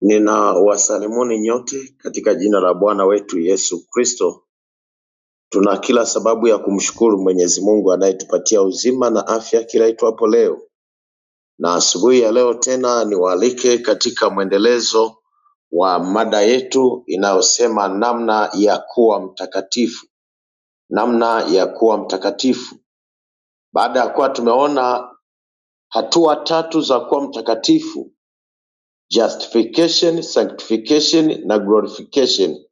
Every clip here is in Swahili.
Ninawasalimuni nyote katika jina la Bwana wetu Yesu Kristo. Tuna kila sababu ya kumshukuru Mwenyezi Mungu anayetupatia uzima na afya kila itwapo leo, na asubuhi ya leo tena niwaalike katika mwendelezo wa mada yetu inayosema namna ya kuwa mtakatifu, namna ya kuwa mtakatifu. Baada ya kuwa tumeona hatua tatu za kuwa mtakatifu, justification, sanctification na glorification.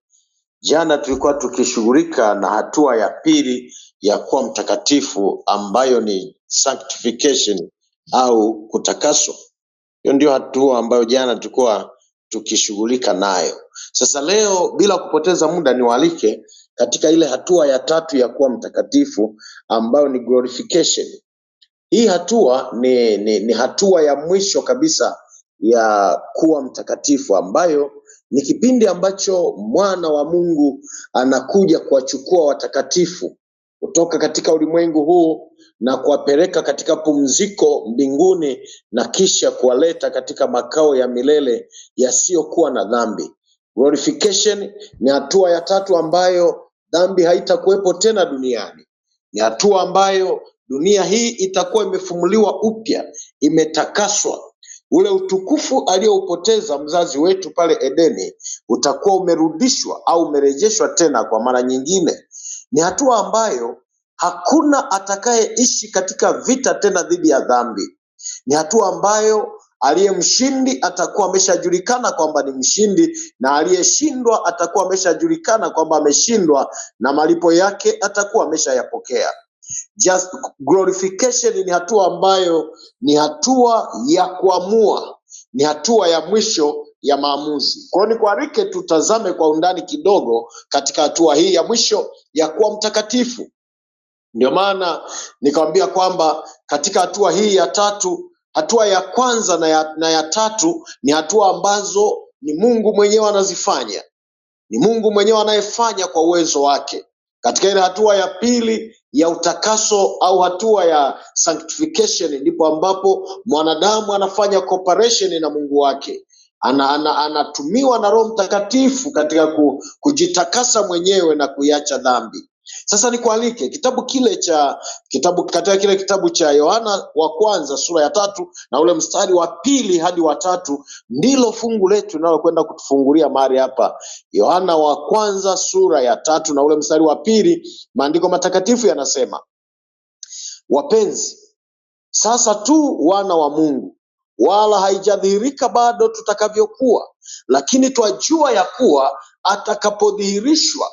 Jana tulikuwa tukishughulika na hatua ya pili ya kuwa mtakatifu ambayo ni sanctification au kutakaswa. Hiyo ndio hatua ambayo jana tulikuwa tukishughulika nayo. Sasa leo, bila kupoteza muda, niwalike katika ile hatua ya tatu ya kuwa mtakatifu ambayo ni glorification. Hii hatua ni, ni, ni hatua ya mwisho kabisa ya kuwa mtakatifu ambayo ni kipindi ambacho mwana wa Mungu anakuja kuwachukua watakatifu kutoka katika ulimwengu huu na kuwapeleka katika pumziko mbinguni na kisha kuwaleta katika makao ya milele yasiyokuwa na dhambi. Glorification ni hatua ya tatu ambayo dhambi haitakuwepo tena duniani. Ni hatua ambayo dunia hii itakuwa imefumuliwa upya, imetakaswa Ule utukufu aliyoupoteza mzazi wetu pale Edeni utakuwa umerudishwa au umerejeshwa tena kwa mara nyingine. Ni hatua ambayo hakuna atakayeishi katika vita tena dhidi ya dhambi. Ni hatua ambayo aliye mshindi atakuwa ameshajulikana kwamba ni mshindi, na aliyeshindwa atakuwa ameshajulikana kwamba ameshindwa, na malipo yake atakuwa ameshayapokea. Just glorification ni hatua ambayo ni hatua ya kuamua, ni hatua ya mwisho ya maamuzi. Kwa hiyo nikualike tutazame kwa undani kidogo katika hatua hii ya mwisho ya kuwa mtakatifu. Ndio maana nikawambia kwamba katika hatua hii ya tatu, hatua ya kwanza na ya, na ya tatu ni hatua ambazo ni Mungu mwenyewe anazifanya, ni Mungu mwenyewe anayefanya kwa uwezo wake. Katika ile hatua ya pili ya utakaso au hatua ya sanctification, ndipo ambapo mwanadamu anafanya cooperation na Mungu wake ana, ana, anatumiwa na Roho Mtakatifu katika kujitakasa mwenyewe na kuiacha dhambi. Sasa nikualike kitabu kile cha kitabu katika kile kitabu cha Yohana wa kwanza sura ya tatu na ule mstari wa pili hadi wa tatu ndilo fungu letu linalokwenda kutufungulia mahali hapa. Yohana wa kwanza sura ya tatu na ule mstari wa pili, maandiko matakatifu yanasema, wapenzi, sasa tu wana wa Mungu, wala haijadhihirika bado tutakavyokuwa, lakini twajua ya kuwa atakapodhihirishwa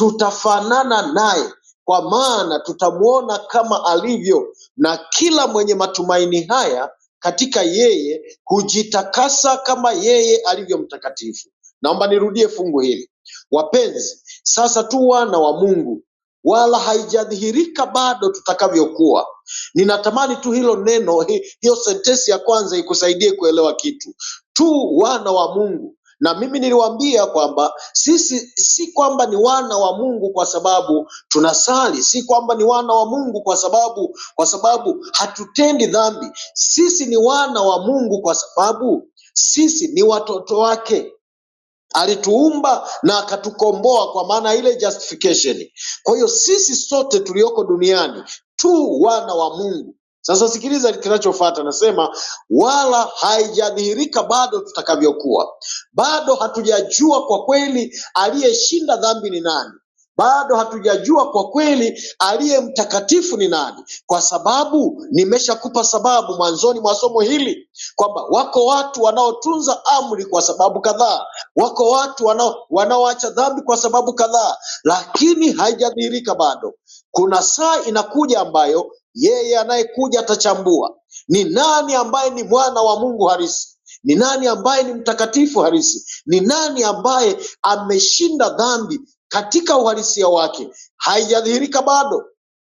tutafanana naye kwa maana tutamwona kama alivyo, na kila mwenye matumaini haya katika yeye hujitakasa kama yeye alivyo mtakatifu. Naomba nirudie fungu hili wapenzi. Sasa tu wana wa Mungu, wala haijadhihirika bado tutakavyokuwa. Ninatamani tu hilo neno, hiyo sentensi ya kwanza ikusaidie kuelewa kitu. Tu wana wa Mungu, na mimi niliwaambia kwamba sisi si kwamba ni wana wa Mungu kwa sababu tunasali, si kwamba ni wana wa Mungu kwa sababu kwa sababu hatutendi dhambi. Sisi ni wana wa Mungu kwa sababu sisi ni watoto wake. Alituumba na akatukomboa kwa maana ile justification. Kwa hiyo sisi sote tulioko duniani tu wana wa Mungu sasa sikiliza kinachofuata, nasema wala haijadhihirika bado tutakavyokuwa, bado hatujajua kwa kweli aliyeshinda dhambi ni nani, bado hatujajua kwa kweli aliye mtakatifu ni nani, kwa sababu nimeshakupa sababu mwanzoni mwa somo hili kwamba wako watu wanaotunza amri kwa sababu kadhaa, wako watu wanao wanaoacha dhambi kwa sababu kadhaa, lakini haijadhihirika bado. Kuna saa inakuja ambayo yeye anayekuja atachambua ni nani ambaye ni mwana wa Mungu halisi, ni nani ambaye ni mtakatifu halisi, ni nani ambaye ameshinda dhambi katika uhalisia wake. Haijadhihirika bado,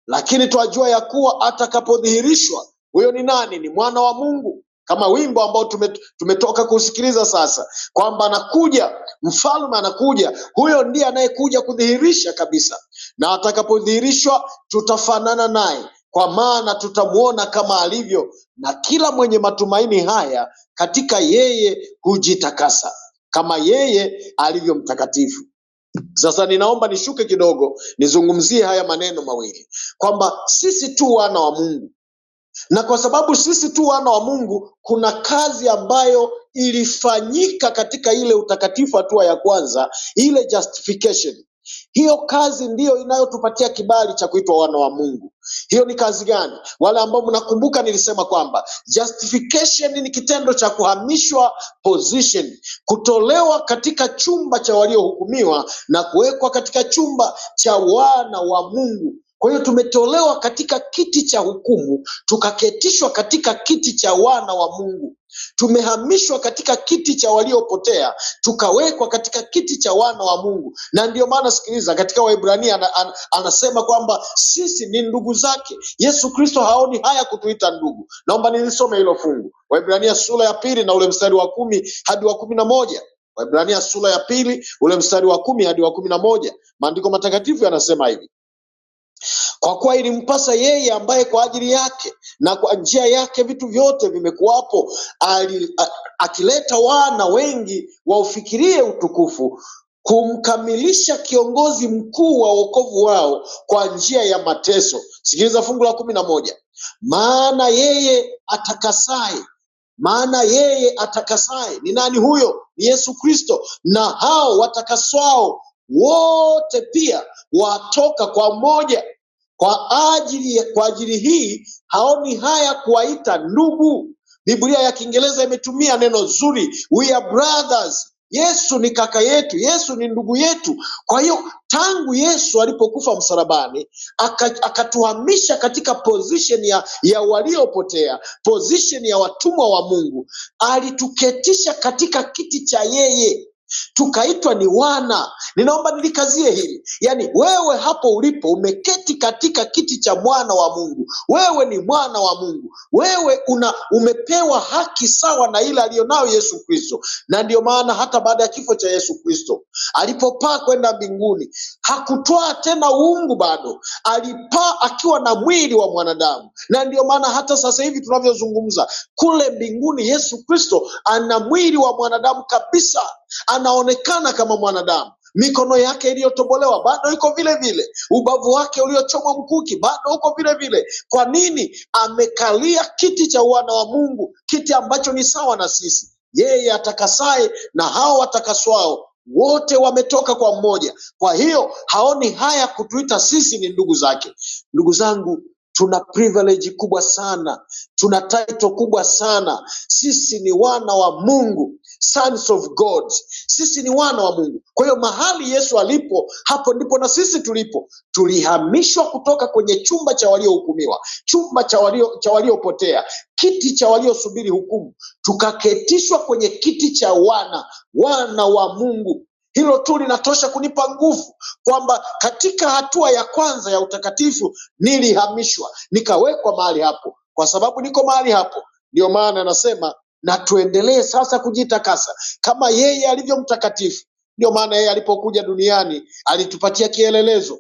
lakini twajua ya kuwa atakapodhihirishwa, huyo ni nani? Ni mwana wa Mungu, kama wimbo ambao tumet, tumetoka kusikiliza sasa, kwamba anakuja mfalme, anakuja. Huyo ndiye anayekuja kudhihirisha kabisa, na atakapodhihirishwa tutafanana naye kwa maana tutamwona kama alivyo, na kila mwenye matumaini haya katika yeye hujitakasa kama yeye alivyo mtakatifu. Sasa ninaomba nishuke kidogo nizungumzie haya maneno mawili kwamba sisi tu wana wa Mungu, na kwa sababu sisi tu wana wa Mungu, kuna kazi ambayo ilifanyika katika ile utakatifu, hatua ya kwanza, ile justification hiyo kazi ndiyo inayotupatia kibali cha kuitwa wana wa Mungu. Hiyo ni kazi gani? Wale ambao mnakumbuka, nilisema kwamba justification ni kitendo cha kuhamishwa position, kutolewa katika chumba cha waliohukumiwa na kuwekwa katika chumba cha wana wa Mungu. Kwa hiyo tumetolewa katika kiti cha hukumu, tukaketishwa katika kiti cha wana wa Mungu. Tumehamishwa katika kiti cha waliopotea, tukawekwa katika kiti cha wana wa Mungu. Na ndiyo maana sikiliza, katika Waebrania an, an, anasema kwamba sisi ni ndugu zake. Yesu Kristo haoni haya kutuita ndugu. Naomba nilisome hilo fungu, Waebrania sura ya pili na ule mstari wa kumi hadi wa kumi na moja. Waebrania sura ya pili ule mstari wa kumi hadi wa kumi na moja. Maandiko matakatifu yanasema hivi: kwa kuwa ilimpasa yeye ambaye kwa ajili yake na kwa njia yake vitu vyote vimekuwapo, akileta wana wengi waufikirie utukufu, kumkamilisha kiongozi mkuu wa wokovu wao kwa njia ya mateso. Sikiliza fungu la kumi na moja. Maana yeye atakasaye maana yeye atakasaye ni nani huyo? Ni Yesu Kristo. Na hao watakaswao wote pia watoka kwa moja kwa ajili, kwa ajili hii haoni haya kuwaita ndugu. Biblia ya Kiingereza imetumia neno zuri, we are brothers. Yesu ni kaka yetu, Yesu ni ndugu yetu. Kwa hiyo tangu Yesu alipokufa msalabani akatuhamisha aka katika position ya, ya waliopotea, position ya watumwa wa Mungu, alituketisha katika kiti cha yeye tukaitwa ni wana. Ninaomba nilikazie hili, yaani wewe hapo ulipo umeketi katika kiti cha mwana wa Mungu, wewe ni mwana wa Mungu, wewe una umepewa haki sawa na ile aliyonayo Yesu Kristo, na ndiyo maana hata baada ya kifo cha Yesu Kristo alipopaa kwenda mbinguni, hakutwaa tena uungu bado, alipaa akiwa na mwili wa mwanadamu. Na ndiyo maana hata sasa hivi tunavyozungumza, kule mbinguni Yesu Kristo ana mwili wa mwanadamu kabisa, anaonekana kama mwanadamu mikono yake iliyotobolewa bado iko vile vile, ubavu wake uliochomwa mkuki bado uko vile vile. Kwa nini? Amekalia kiti cha uwana wa Mungu, kiti ambacho ni sawa na sisi. Yeye atakasaye na hao watakaswao wote wametoka kwa mmoja. Kwa hiyo haoni haya kutuita sisi ni ndugu zake. Ndugu zangu, tuna privilege kubwa sana, tuna title kubwa sana. Sisi ni wana wa Mungu, sons of God, sisi ni wana wa Mungu. Kwa hiyo mahali Yesu alipo, hapo ndipo na sisi tulipo. Tulihamishwa kutoka kwenye chumba cha waliohukumiwa, chumba cha walio cha waliopotea, kiti cha waliosubiri hukumu, tukaketishwa kwenye kiti cha wana wana wa Mungu. Hilo tu linatosha kunipa nguvu kwamba katika hatua ya kwanza ya utakatifu nilihamishwa, nikawekwa mahali hapo. Kwa sababu niko mahali hapo, ndiyo maana anasema na tuendelee sasa kujitakasa kama yeye alivyo mtakatifu. Ndio maana yeye alipokuja duniani alitupatia kielelezo,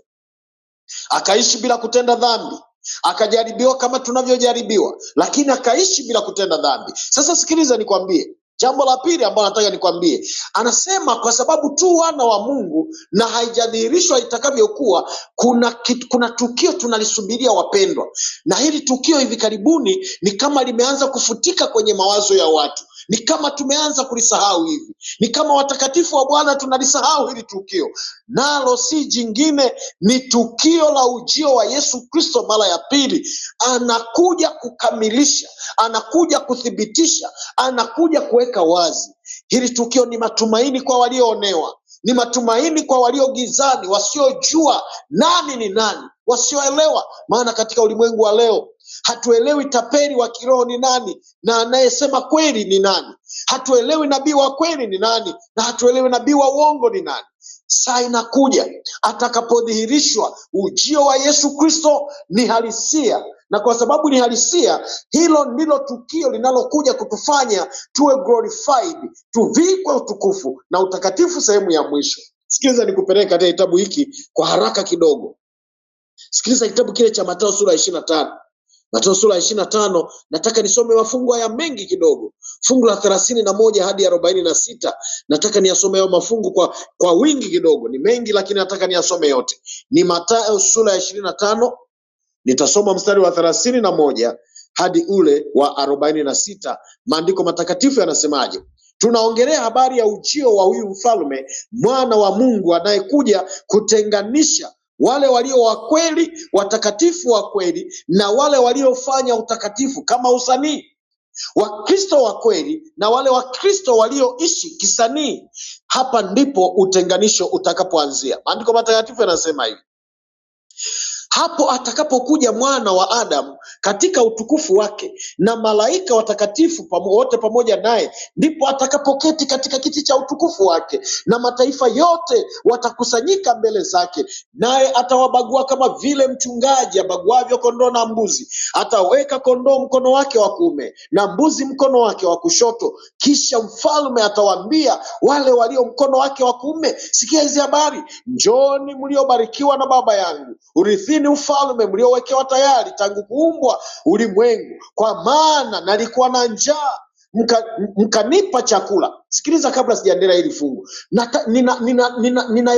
akaishi bila kutenda dhambi, akajaribiwa kama tunavyojaribiwa, lakini akaishi bila kutenda dhambi. Sasa sikiliza, nikwambie, Jambo la pili ambalo nataka nikwambie, anasema kwa sababu tu wana wa Mungu na haijadhihirishwa itakavyokuwa, kuna kit, kuna tukio tunalisubiria wapendwa, na hili tukio hivi karibuni ni kama limeanza kufutika kwenye mawazo ya watu ni kama tumeanza kulisahau hivi, ni kama watakatifu wa Bwana tunalisahau hili tukio, nalo si jingine, ni tukio la ujio wa Yesu Kristo mara ya pili. Anakuja kukamilisha, anakuja kuthibitisha, anakuja kuweka wazi hili tukio. Ni matumaini kwa walioonewa ni matumaini kwa walio gizani, wasiojua nani ni nani, wasioelewa. Maana katika ulimwengu wa leo Hatuelewi taperi wa kiroho ni nani na anayesema kweli ni nani. Hatuelewi nabii wa kweli ni nani na hatuelewi nabii wa uongo ni nani. Saa inakuja atakapodhihirishwa ujio wa Yesu Kristo ni halisia, na kwa sababu ni halisia, hilo ndilo tukio linalokuja kutufanya tuwe glorified, tuvikwe utukufu na utakatifu. Sehemu ya mwisho, sikiliza nikupeleke katika kitabu hiki kwa haraka kidogo. Sikiliza kitabu kile cha matao sura ya ishirini na tano Mathayo sura ya ishirini na tano nataka nisome mafungu haya mengi kidogo, fungu la thelathini na moja hadi arobaini na sita nataka niyasome hayo mafungu kwa, kwa wingi kidogo. Ni mengi lakini nataka niyasome yote. Ni Mathayo sura ya ishirini na tano nitasoma mstari wa thelathini na moja hadi ule wa arobaini na sita. Maandiko matakatifu yanasemaje? Tunaongelea habari ya ujio wa huyu mfalme, mwana wa Mungu anayekuja kutenganisha wale walio wa kweli, watakatifu wa kweli, na wale waliofanya utakatifu kama usanii, Wakristo wa kweli na wale Wakristo walioishi kisanii. Hapa ndipo utenganisho utakapoanzia. Maandiko matakatifu yanasema hivi, hapo atakapokuja mwana wa Adamu katika utukufu wake na malaika watakatifu pamo, wote pamoja naye, ndipo atakapoketi katika kiti cha utukufu wake, na mataifa yote watakusanyika mbele zake, naye atawabagua kama vile mchungaji abaguavyo kondoo na mbuzi. Ataweka kondoo mkono wake wa kuume na mbuzi mkono wake wa kushoto. Kisha mfalme atawaambia wale walio mkono wake wa kuume, sikia hizi habari, njoni mliobarikiwa na Baba yangu, urithi ni ufalme mliowekewa tayari tangu kuumbwa ulimwengu, kwa maana nalikuwa na njaa mkanipa mka chakula. Sikiliza kabla sijaendelea hili fungu, ninayoyasoma nina, nina, nina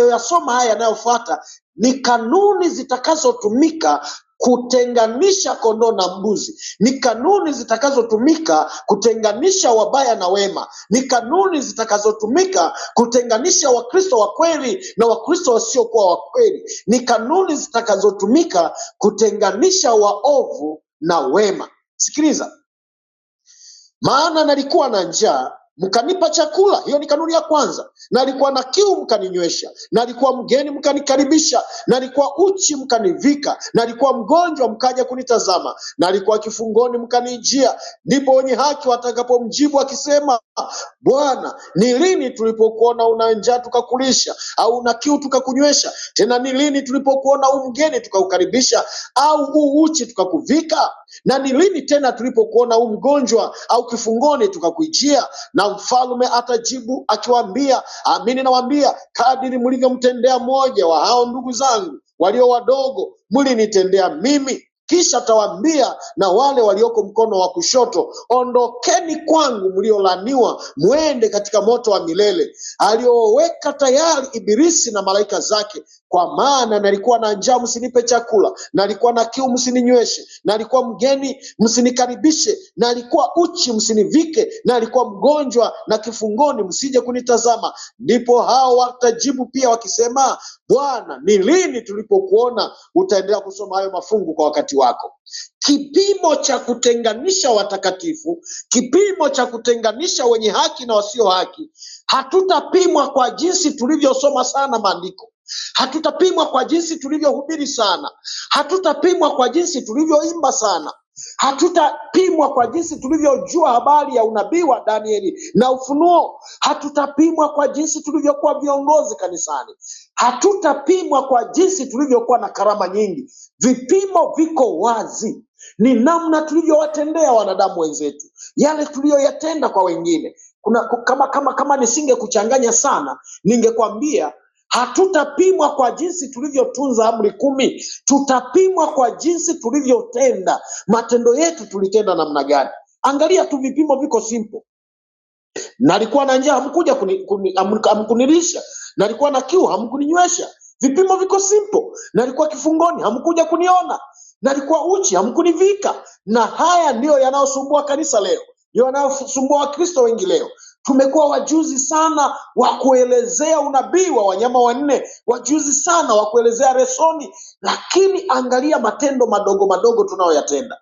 haya yanayofuata ni kanuni zitakazotumika kutenganisha kondoo na mbuzi. Ni kanuni zitakazotumika kutenganisha wabaya na wema. Ni kanuni zitakazotumika kutenganisha Wakristo wa kweli na Wakristo wasiokuwa wa kweli. Ni kanuni zitakazotumika kutenganisha waovu na wema. Sikiliza, maana nalikuwa na njaa mkanipa chakula. Hiyo ni kanuni ya kwanza. Na alikuwa na kiu mkaninywesha, na alikuwa mgeni mkanikaribisha, na alikuwa uchi mkanivika, na alikuwa mgonjwa mkaja kunitazama, na alikuwa kifungoni mkanijia. Ndipo wenye haki watakapomjibu akisema, Bwana, ni lini tulipokuona una njaa tukakulisha, au una kiu tukakunywesha? Tena ni lini tulipokuona u mgeni tukaukaribisha, au u uchi tukakuvika? Na ni lini tena tulipokuona huu mgonjwa au kifungoni tukakuijia? Na mfalme atajibu akiwaambia, amini nawaambia, kadiri mlivyomtendea mmoja wa hao ndugu zangu walio wadogo, mlinitendea mimi. Kisha atawaambia na wale walioko mkono wa kushoto, ondokeni kwangu mliolaniwa, mwende katika moto wa milele alioweka tayari Ibilisi na malaika zake. Kwa maana nalikuwa na njaa, msinipe chakula, nalikuwa na kiu, msininyweshe, nalikuwa mgeni, msinikaribishe, nalikuwa uchi, msinivike, nalikuwa mgonjwa na kifungoni, msije kunitazama. Ndipo hao watajibu pia wakisema, Bwana, ni lini tulipokuona? Utaendelea kusoma hayo mafungu kwa wakati wa wako. Kipimo cha kutenganisha watakatifu, kipimo cha kutenganisha wenye haki na wasio haki, hatutapimwa kwa jinsi tulivyosoma sana maandiko hatutapimwa kwa jinsi tulivyohubiri sana, hatutapimwa kwa jinsi tulivyoimba sana, Hatutapimwa kwa jinsi tulivyojua habari ya unabii wa Danieli na ufunuo. Hatutapimwa kwa jinsi tulivyokuwa viongozi kanisani. Hatutapimwa kwa jinsi tulivyokuwa na karama nyingi. Vipimo viko wazi, ni namna tulivyowatendea wanadamu wenzetu, yale tuliyoyatenda kwa wengine. Kuna kama, kama, kama nisingekuchanganya sana, ningekwambia Hatutapimwa kwa jinsi tulivyotunza amri kumi, tutapimwa kwa jinsi tulivyotenda. Matendo yetu tulitenda namna gani? Angalia tu, vipimo viko simple. Nalikuwa na njaa, hamkuja kuni- kuni- hamkunilisha. Nalikuwa na kiu, hamkuninywesha. Vipimo viko simple. Nalikuwa kifungoni, hamkuja kuniona. Nalikuwa uchi, hamkunivika. Na haya ndiyo yanayosumbua kanisa leo, ndio yanayosumbua Wakristo wengi leo. Tumekuwa wajuzi sana wa kuelezea unabii wa wanyama wanne, wajuzi sana wa kuelezea resoni, lakini angalia matendo madogo madogo tunayoyatenda.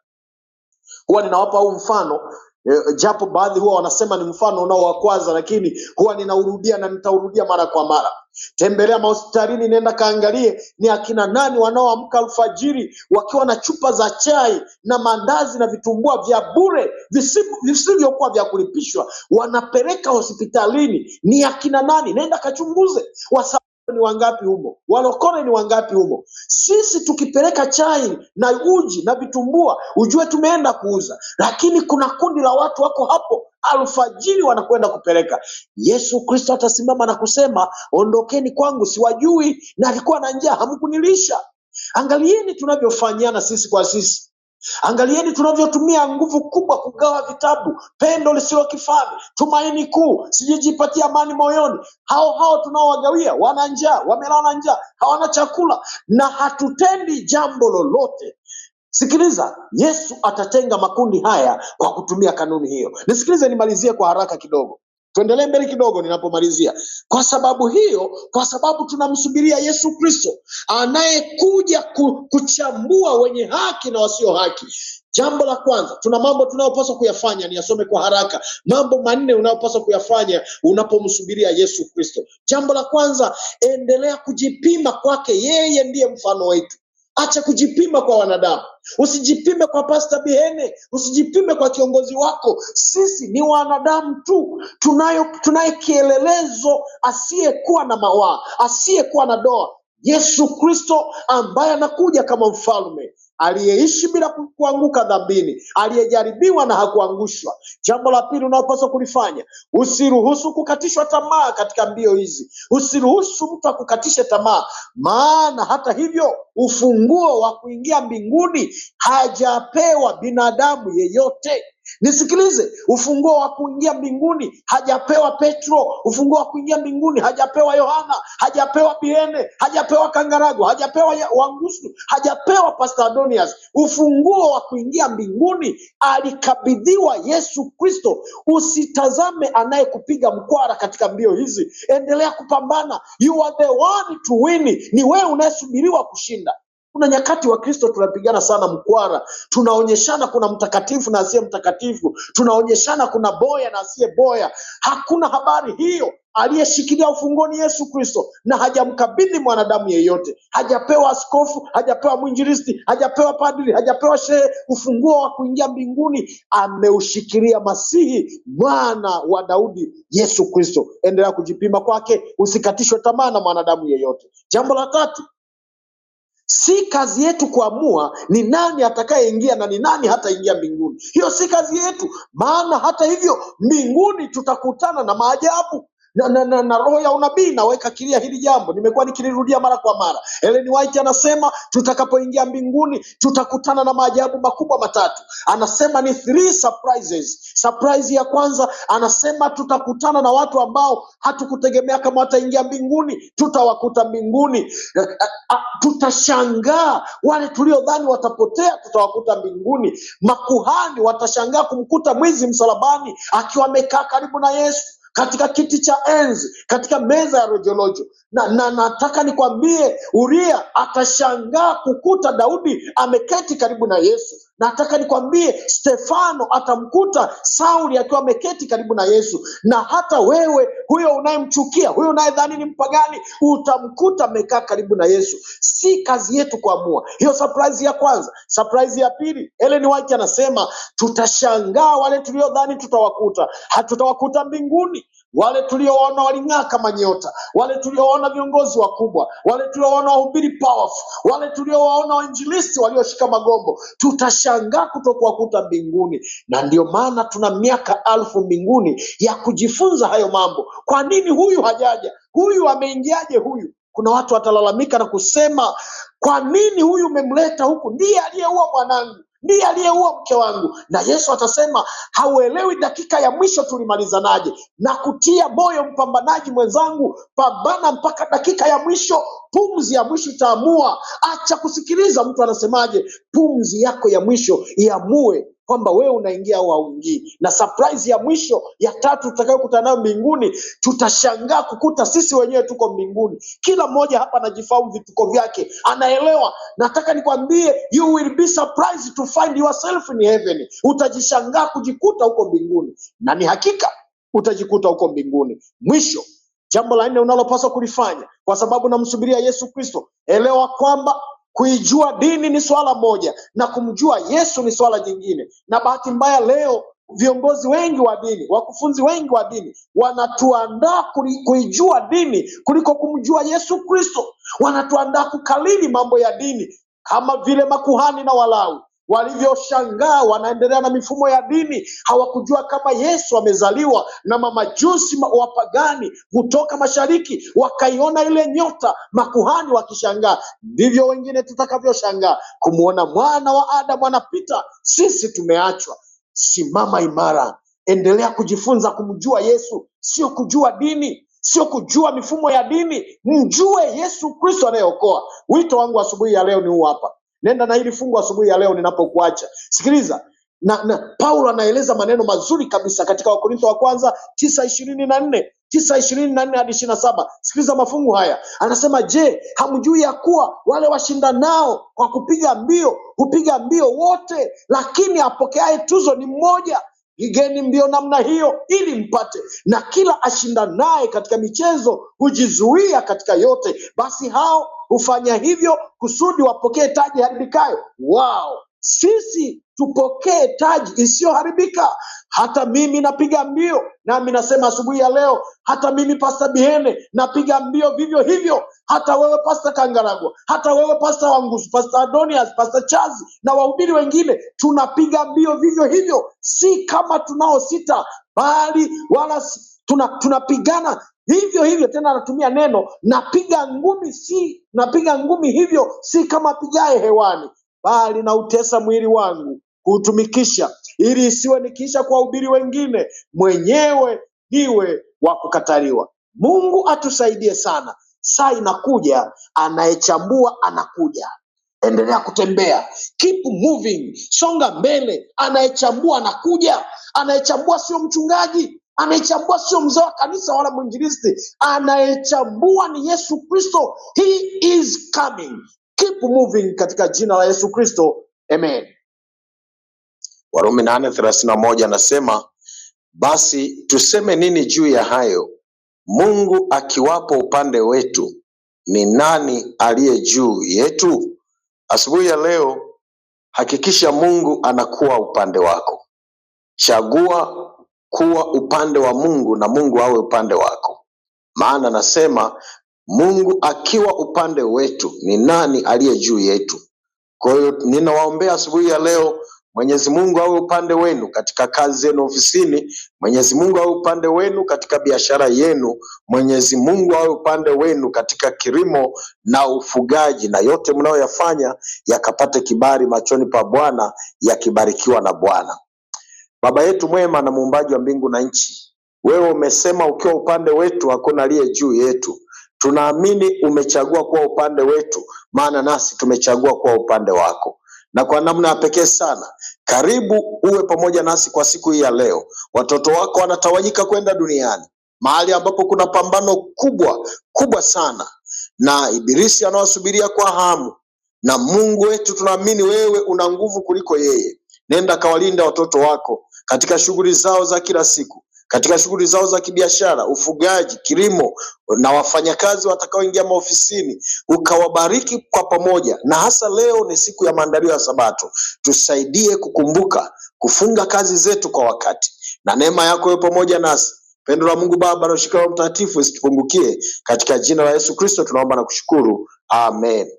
Huwa ninawapa huu mfano Eh, japo baadhi huwa wanasema ni mfano unaowakwaza, lakini huwa ninaurudia na nitaurudia mara kwa mara. Tembelea mahospitalini, nenda kaangalie ni akina nani wanaoamka alfajiri wakiwa na chupa za chai na mandazi na vitumbua vya bure visivyokuwa vya kulipishwa, wanapeleka hospitalini. Ni akina nani? Nenda kachunguze wasa ni wangapi humo? Walokole ni wangapi humo? Sisi tukipeleka chai na uji na vitumbua, ujue tumeenda kuuza, lakini kuna kundi la watu wako hapo alfajiri wanakwenda kupeleka. Yesu Kristo atasimama na kusema, ondokeni kwangu, siwajui, na alikuwa na njaa, hamkunilisha. Angalieni tunavyofanyiana sisi kwa sisi. Angalieni tunavyotumia nguvu kubwa kugawa vitabu, pendo lisilo kifani, tumaini kuu, sijijipatia amani moyoni. Hao hao tunaowagawia wana njaa, wamelala njaa, hawana chakula na hatutendi jambo lolote. Sikiliza, Yesu atatenga makundi haya kwa kutumia kanuni hiyo. Nisikilize, nimalizie kwa haraka kidogo. Tuendelee mbele kidogo ninapomalizia. Kwa sababu hiyo, kwa sababu tunamsubiria Yesu Kristo anayekuja kuchambua wenye haki na wasio haki. Jambo la kwanza, tuna mambo tunayopaswa kuyafanya. Niyasome kwa haraka, mambo manne unayopaswa kuyafanya unapomsubiria Yesu Kristo. Jambo la kwanza, endelea kujipima kwake. Yeye ndiye mfano wetu. Acha kujipima kwa wanadamu, usijipime kwa Pasta Bihene, usijipime kwa kiongozi wako. Sisi ni wanadamu tu, tunayo tunaye kielelezo asiyekuwa na mawaa, asiyekuwa na doa, Yesu Kristo ambaye anakuja kama mfalme aliyeishi bila kuanguka dhambini, aliyejaribiwa na hakuangushwa. Jambo la pili unaopaswa kulifanya, usiruhusu kukatishwa tamaa katika mbio hizi. Usiruhusu mtu akukatishe tamaa, maana hata hivyo ufunguo wa kuingia mbinguni hajapewa binadamu yeyote. Nisikilize, ufunguo wa kuingia mbinguni hajapewa Petro, ufunguo wa kuingia mbinguni hajapewa Yohana, hajapewa Biene, hajapewa Kangarago, hajapewa Wangusu, hajapewa Pastor Adonias. Ufunguo wa kuingia mbinguni alikabidhiwa Yesu Kristo. Usitazame anayekupiga mkwara katika mbio hizi, endelea kupambana. You are the one to win, ni wewe unayesubiriwa kushinda. Kuna nyakati wa Kristo tunapigana sana mkwara, tunaonyeshana kuna mtakatifu na asiye mtakatifu, tunaonyeshana kuna boya na asiye boya. Hakuna habari hiyo. Aliyeshikilia ufunguo ni Yesu Kristo, na hajamkabidhi mwanadamu yeyote. Hajapewa askofu, hajapewa mwinjilisti, hajapewa padri, hajapewa shehe ufunguo wa kuingia mbinguni. Ameushikilia Masihi, mwana wa Daudi, Yesu Kristo. Endelea kujipima kwake, usikatishwe tamaa na mwanadamu yeyote. Jambo la tatu, Si kazi yetu kuamua ni nani atakayeingia na ni nani hataingia mbinguni. Hiyo si kazi yetu, maana hata hivyo mbinguni tutakutana na maajabu na, na, na, na roho ya unabii naweka kilia hili jambo, nimekuwa nikilirudia mara kwa mara. Ellen White anasema tutakapoingia mbinguni tutakutana na maajabu makubwa matatu. Anasema ni three surprises. Surprise ya kwanza anasema tutakutana na watu ambao hatukutegemea kama wataingia mbinguni, tutawakuta mbinguni. Eh, eh, ah, tutashangaa wale tuliodhani watapotea, tutawakuta mbinguni. Makuhani watashangaa kumkuta mwizi msalabani akiwa amekaa karibu na Yesu katika kiti cha enzi, katika meza ya rojorojo. Na, na nataka nikwambie Uria atashangaa kukuta Daudi ameketi karibu na Yesu. Nataka nikwambie Stefano atamkuta Sauli akiwa ameketi karibu na Yesu, na hata wewe huyo unayemchukia, huyo unayedhani ni mpagani, utamkuta amekaa karibu na Yesu si kazi yetu kuamua. Hiyo surprise ya kwanza. Surprise ya pili, Ellen White anasema tutashangaa wale tuliodhani tutawakuta, hatutawakuta mbinguni wale tuliowaona waling'aa kama nyota, wale tuliowaona viongozi wakubwa, wale tuliowaona wahubiri powerful, wale tuliowaona wainjilisti walioshika magombo, tutashangaa kutokuwakuta mbinguni. Na ndio maana tuna miaka alfu mbinguni ya kujifunza hayo mambo. Kwa nini huyu hajaja? Huyu ameingiaje? Huyu kuna watu watalalamika na kusema, kwa nini huyu umemleta huku? Ndiye aliyeua mwanangu, ndiye aliyeua mke wangu. Na Yesu atasema, hauelewi dakika ya mwisho tulimalizanaje? Na kutia moyo mpambanaji mwenzangu, pambana mpaka dakika ya mwisho. Pumzi ya mwisho itaamua. Acha kusikiliza mtu anasemaje, pumzi yako ya mwisho iamue kwamba wewe unaingia au hauingii. Na surprise ya mwisho ya tatu tutakayokutana nayo mbinguni, tutashangaa kukuta sisi wenyewe tuko mbinguni. Kila mmoja hapa anajifahamu vituko vyake, anaelewa. Nataka nikwambie, you will be surprised to find yourself in heaven. Utajishangaa kujikuta huko mbinguni, na ni hakika utajikuta huko mbinguni. Mwisho, jambo la nne unalopaswa kulifanya kwa sababu namsubiria Yesu Kristo, elewa kwamba Kuijua dini ni swala moja na kumjua Yesu ni swala jingine. Na bahati mbaya leo viongozi wengi wa dini, wakufunzi wengi wa dini wanatuandaa kuijua dini kuliko kumjua Yesu Kristo. Wanatuandaa kukalili mambo ya dini kama vile makuhani na Walawi walivyoshangaa, wanaendelea na mifumo ya dini, hawakujua kama Yesu amezaliwa na mamajusi wapagani kutoka mashariki, wakaiona ile nyota, makuhani wakishangaa. Ndivyo wengine tutakavyoshangaa kumwona mwana wa Adamu anapita. Sisi tumeachwa. Simama imara, endelea kujifunza kumjua Yesu, sio kujua dini sio kujua mifumo ya dini, mjue Yesu Kristo anayeokoa. Wito wangu asubuhi ya leo ni huu hapa, Nenda na hili fungu asubuhi ya leo ninapokuacha. Sikiliza na, na Paulo anaeleza maneno mazuri kabisa katika Wakorintho wa kwanza tisa ishirini na nne tisa ishirini na nne hadi ishirini na saba. Sikiliza mafungu haya, anasema je, hamjui ya kuwa wale washindanao kwa kupiga mbio hupiga mbio wote, lakini apokeaye tuzo ni mmoja? Pigeni mbio namna hiyo ili mpate. Na kila ashindanaye katika michezo hujizuia katika yote, basi hao hufanya hivyo kusudi wapokee taji haribikayo wao. Sisi tupokee taji isiyoharibika. Hata mimi napiga mbio, nami nasema asubuhi ya leo, hata mimi Pasta Bihene napiga mbio vivyo hivyo, hata wewe Pasta Kangaragwa, hata wewe Pasta Wangusu, Pasta Adonias, Pasta Chazi na wahubiri wengine, tunapiga mbio vivyo hivyo, si kama tunao sita, bali wala tunapigana Hivyo hivyo tena anatumia neno napiga ngumi, si napiga ngumi hivyo, si kama pigae hewani, bali nautesa mwili wangu kuutumikisha, ili isiwe nikiisha kuwahubiri wengine, mwenyewe niwe wa kukataliwa. Mungu atusaidie sana. Saa inakuja, anayechambua anakuja. Endelea kutembea, keep moving, songa mbele. Anayechambua anakuja. Anayechambua sio mchungaji, anayechambua sio mzee wa kanisa wala mwinjilisti, anayechambua ni Yesu Kristo. He is coming. Keep moving katika jina la Yesu Kristo, amen. Warumi nane anasema basi tuseme nini juu ya hayo? Mungu akiwapo upande wetu, ni nani aliye juu yetu? Asubuhi ya leo, hakikisha Mungu anakuwa upande wako. Chagua kuwa upande wa Mungu na Mungu awe upande wako. Maana nasema Mungu akiwa upande wetu, ni nani aliye juu yetu? Kwa hiyo ninawaombea asubuhi ya leo, Mwenyezi Mungu awe upande wenu katika kazi zenu ofisini, Mwenyezi Mungu awe upande wenu katika biashara yenu, Mwenyezi Mungu awe upande wenu katika kilimo na ufugaji, na yote mnayoyafanya yakapate kibali machoni pa Bwana, yakibarikiwa na Bwana. Baba yetu mwema na muumbaji wa mbingu na nchi, wewe umesema ukiwa upande wetu hakuna aliye juu yetu. Tunaamini umechagua kuwa upande wetu, maana nasi tumechagua kuwa upande wako na kwa namna ya pekee sana, karibu uwe pamoja nasi kwa siku hii ya leo. Watoto wako wanatawanyika kwenda duniani, mahali ambapo kuna pambano kubwa kubwa sana, na Ibilisi anawasubiria kwa hamu. Na Mungu wetu, tunaamini wewe una nguvu kuliko yeye. Nenda kawalinda watoto wako katika shughuli zao za kila siku, katika shughuli zao za kibiashara, ufugaji, kilimo na wafanyakazi watakaoingia maofisini, ukawabariki kwa pamoja. Na hasa leo ni siku ya maandalio ya Sabato, tusaidie kukumbuka kufunga kazi zetu kwa wakati, na neema yako iwe pamoja nasi. Pendo la Mungu Baba na ushirika wa Mtakatifu isitupungukie. Katika jina la Yesu Kristo tunaomba na kushukuru, amen.